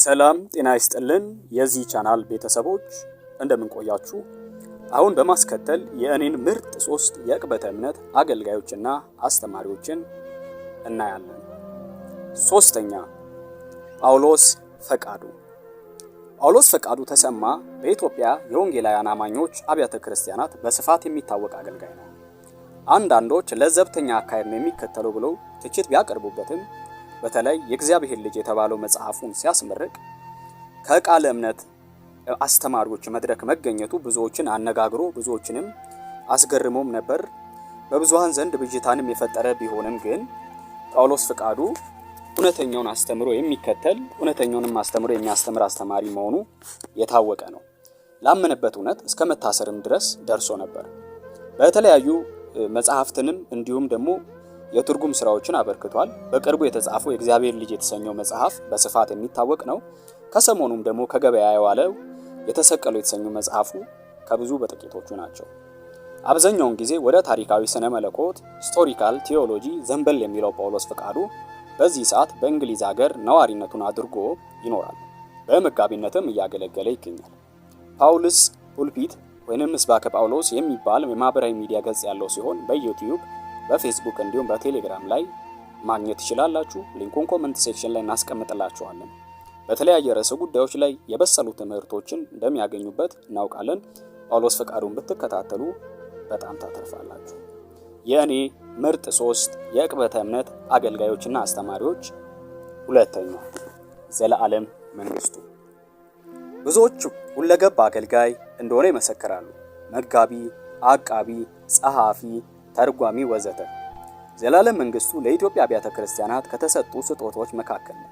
ሰላም ጤና ይስጥልን። የዚህ ቻናል ቤተሰቦች እንደምንቆያችሁ። አሁን በማስከተል የእኔን ምርጥ ሶስት የእቅበተ እምነት አገልጋዮችና አስተማሪዎችን እናያለን። ሶስተኛ ጳውሎስ ፈቃዱ። ጳውሎስ ፈቃዱ ተሰማ በኢትዮጵያ የወንጌላውያን አማኞች አብያተ ክርስቲያናት በስፋት የሚታወቅ አገልጋይ ነው። አንዳንዶች ለዘብተኛ አካሄድ ነው የሚከተለው ብለው ትችት ቢያቀርቡበትም በተለይ የእግዚአብሔር ልጅ የተባለው መጽሐፉን ሲያስመርቅ ከቃለ እምነት አስተማሪዎች መድረክ መገኘቱ ብዙዎችን አነጋግሮ ብዙዎችንም አስገርሞም ነበር። በብዙሃን ዘንድ ብዥታንም የፈጠረ ቢሆንም ግን ጳውሎስ ፍቃዱ እውነተኛውን አስተምሮ የሚከተል እውነተኛውንም አስተምሮ የሚያስተምር አስተማሪ መሆኑ የታወቀ ነው። ላመነበት እውነት እስከ መታሰርም ድረስ ደርሶ ነበር። በተለያዩ መጽሐፍትንም እንዲሁም ደግሞ የትርጉም ስራዎችን አበርክቷል። በቅርቡ የተጻፈው የእግዚአብሔር ልጅ የተሰኘው መጽሐፍ በስፋት የሚታወቅ ነው። ከሰሞኑም ደግሞ ከገበያ የዋለው የተሰቀለው የተሰኘው መጽሐፉ ከብዙ በጥቂቶቹ ናቸው። አብዛኛውን ጊዜ ወደ ታሪካዊ ስነ መለኮት ሂስቶሪካል ቴዎሎጂ ዘንበል የሚለው ጳውሎስ ፈቃዱ በዚህ ሰዓት በእንግሊዝ ሀገር ነዋሪነቱን አድርጎ ይኖራል። በመጋቢነትም እያገለገለ ይገኛል። ፓውልስ ፑልፒት ወይንም ምስባከ ጳውሎስ የሚባል የማህበራዊ ሚዲያ ገጽ ያለው ሲሆን በዩቲዩብ በፌስቡክ እንዲሁም በቴሌግራም ላይ ማግኘት ትችላላችሁ። ሊንኩን ኮመንት ሴክሽን ላይ እናስቀምጥላችኋለን። በተለያየ ርዕሰ ጉዳዮች ላይ የበሰሉ ትምህርቶችን እንደሚያገኙበት እናውቃለን። ጳውሎስ ፈቃዱን ብትከታተሉ በጣም ታተርፋላችሁ። የእኔ ምርጥ ሶስት የእቅበተ እምነት አገልጋዮችና አስተማሪዎች። ሁለተኛው ዘለዓለም መንግስቱ ብዙዎቹ ሁለገብ አገልጋይ እንደሆነ ይመሰክራሉ። መጋቢ፣ አቃቢ፣ ጸሐፊ፣ ተርጓሚ ወዘተ ዘላለም መንግስቱ ለኢትዮጵያ አብያተ ክርስቲያናት ከተሰጡ ስጦታዎች መካከል ነው።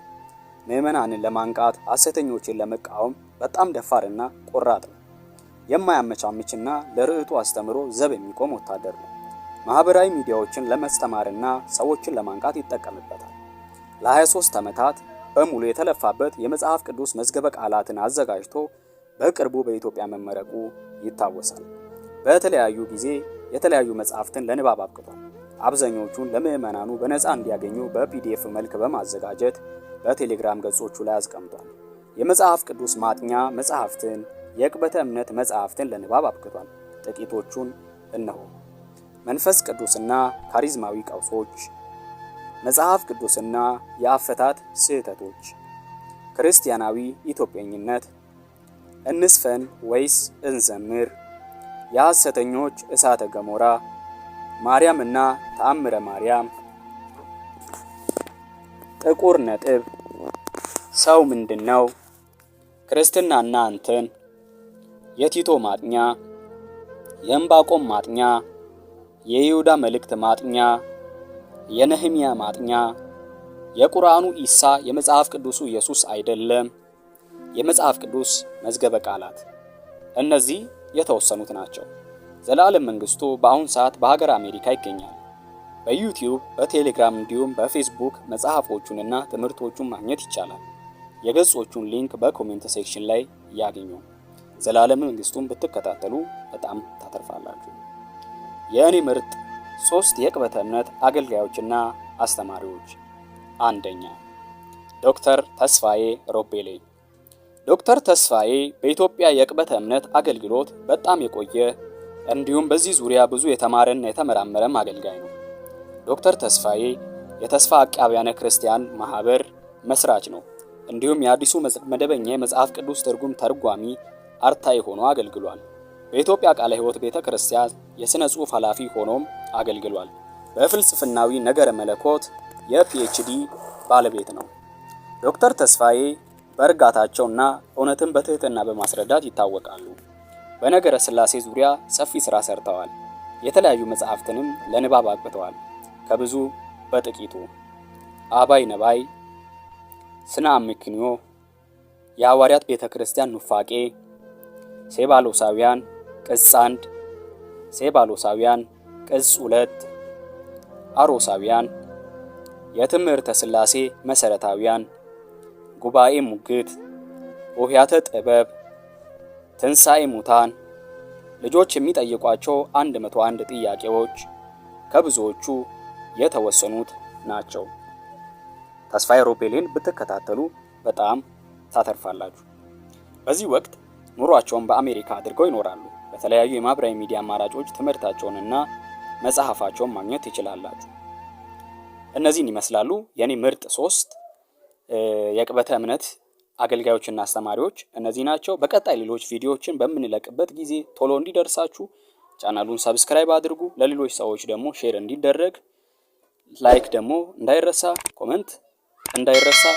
ምዕመናንን ለማንቃት ሐሰተኞችን ለመቃወም በጣም ደፋርና ቆራጥ ነው። የማያመቻምችና ለርዕቱ አስተምሮ ዘብ የሚቆም ወታደር ነው። ማህበራዊ ሚዲያዎችን ለመስተማርና ሰዎችን ለማንቃት ይጠቀምበታል። ለ23 ዓመታት በሙሉ የተለፋበት የመጽሐፍ ቅዱስ መዝገበ ቃላትን አዘጋጅቶ በቅርቡ በኢትዮጵያ መመረቁ ይታወሳል። በተለያዩ ጊዜ የተለያዩ መጽሐፍትን ለንባብ አብቅቷል። አብዛኞቹን ለምዕመናኑ በነፃ እንዲያገኙ በፒዲኤፍ መልክ በማዘጋጀት በቴሌግራም ገጾቹ ላይ አስቀምጧል። የመጽሐፍ ቅዱስ ማጥኛ መጽሐፍትን፣ የቅበተ እምነት መጽሐፍትን ለንባብ አብቅቷል። ጥቂቶቹን እነሆ መንፈስ ቅዱስና ካሪዝማዊ ቀውሶች፣ መጽሐፍ ቅዱስና የአፈታት ስህተቶች፣ ክርስቲያናዊ ኢትዮጵያኝነት፣ እንስፈን ወይስ እንዘምር የሐሰተኞች እሳተ ገሞራ፣ ማርያም እና ተአምረ ማርያም፣ ጥቁር ነጥብ፣ ሰው ምንድን ነው፣ ክርስትናና እንትን፣ የቲቶ ማጥኛ፣ የእምባቆም ማጥኛ፣ የይሁዳ መልእክት ማጥኛ፣ የነህምያ ማጥኛ፣ የቁርአኑ ኢሳ የመጽሐፍ ቅዱሱ ኢየሱስ አይደለም፣ የመጽሐፍ ቅዱስ መዝገበ ቃላት እነዚህ የተወሰኑት ናቸው። ዘላለም መንግስቱ በአሁን ሰዓት በሀገር አሜሪካ ይገኛል። በዩቲዩብ በቴሌግራም እንዲሁም በፌስቡክ መጽሐፎቹንና ትምህርቶቹን ማግኘት ይቻላል። የገጾቹን ሊንክ በኮሜንት ሴክሽን ላይ ያገኙ። ዘላለም መንግስቱን ብትከታተሉ በጣም ታተርፋላችሁ። የእኔ ምርጥ ሶስት የቅበተ እምነት አገልጋዮችና አስተማሪዎች አንደኛ ዶክተር ተስፋዬ ሮቤሌ ዶክተር ተስፋዬ በኢትዮጵያ የቅበተ እምነት አገልግሎት በጣም የቆየ እንዲሁም በዚህ ዙሪያ ብዙ የተማረና የተመራመረም አገልጋይ ነው። ዶክተር ተስፋዬ የተስፋ አቃቢያነ ክርስቲያን ማህበር መስራች ነው። እንዲሁም የአዲሱ መደበኛ የመጽሐፍ ቅዱስ ትርጉም ተርጓሚ አርታይ ሆኖ አገልግሏል። በኢትዮጵያ ቃለ ሕይወት ቤተ ክርስቲያን የሥነ ጽሑፍ ኃላፊ ሆኖም አገልግሏል። በፍልስፍናዊ ነገረ መለኮት የፒኤችዲ ባለቤት ነው። ዶክተር ተስፋዬ በእርጋታቸውና እውነትን በትህትና በማስረዳት ይታወቃሉ። በነገረ ሥላሴ ዙሪያ ሰፊ ሥራ ሰርተዋል። የተለያዩ መጽሐፍትንም ለንባብ አብቅተዋል። ከብዙ በጥቂቱ አባይ ነባይ፣ ስነ አመክንዮ፣ የሐዋርያት ቤተ ክርስቲያን ኑፋቄ፣ ሴባሎሳውያን ቅጽ አንድ፣ ሴባሎሳውያን ቅጽ ሁለት፣ አሮሳውያን፣ የትምህርተ ሥላሴ መሠረታውያን ጉባኤ ሙግት፣ ኦህያተ ጥበብ፣ ትንሣኤ ሙታን፣ ልጆች የሚጠይቋቸው 101 ጥያቄዎች ከብዙዎቹ የተወሰኑት ናቸው። ተስፋዬ ሮቤሌን ብትከታተሉ በጣም ታተርፋላችሁ። በዚህ ወቅት ኑሯቸውን በአሜሪካ አድርገው ይኖራሉ። በተለያዩ የማህበራዊ ሚዲያ አማራጮች ትምህርታቸውንና መጽሐፋቸውን ማግኘት ይችላላችሁ። እነዚህን ይመስላሉ የኔ ምርጥ ሶስት የቅበተ እምነት አገልጋዮችና አስተማሪዎች እነዚህ ናቸው። በቀጣይ ሌሎች ቪዲዮዎችን በምንለቅበት ጊዜ ቶሎ እንዲደርሳችሁ ቻናሉን ሰብስክራይብ አድርጉ። ለሌሎች ሰዎች ደግሞ ሼር እንዲደረግ ላይክ ደግሞ እንዳይረሳ፣ ኮመንት እንዳይረሳ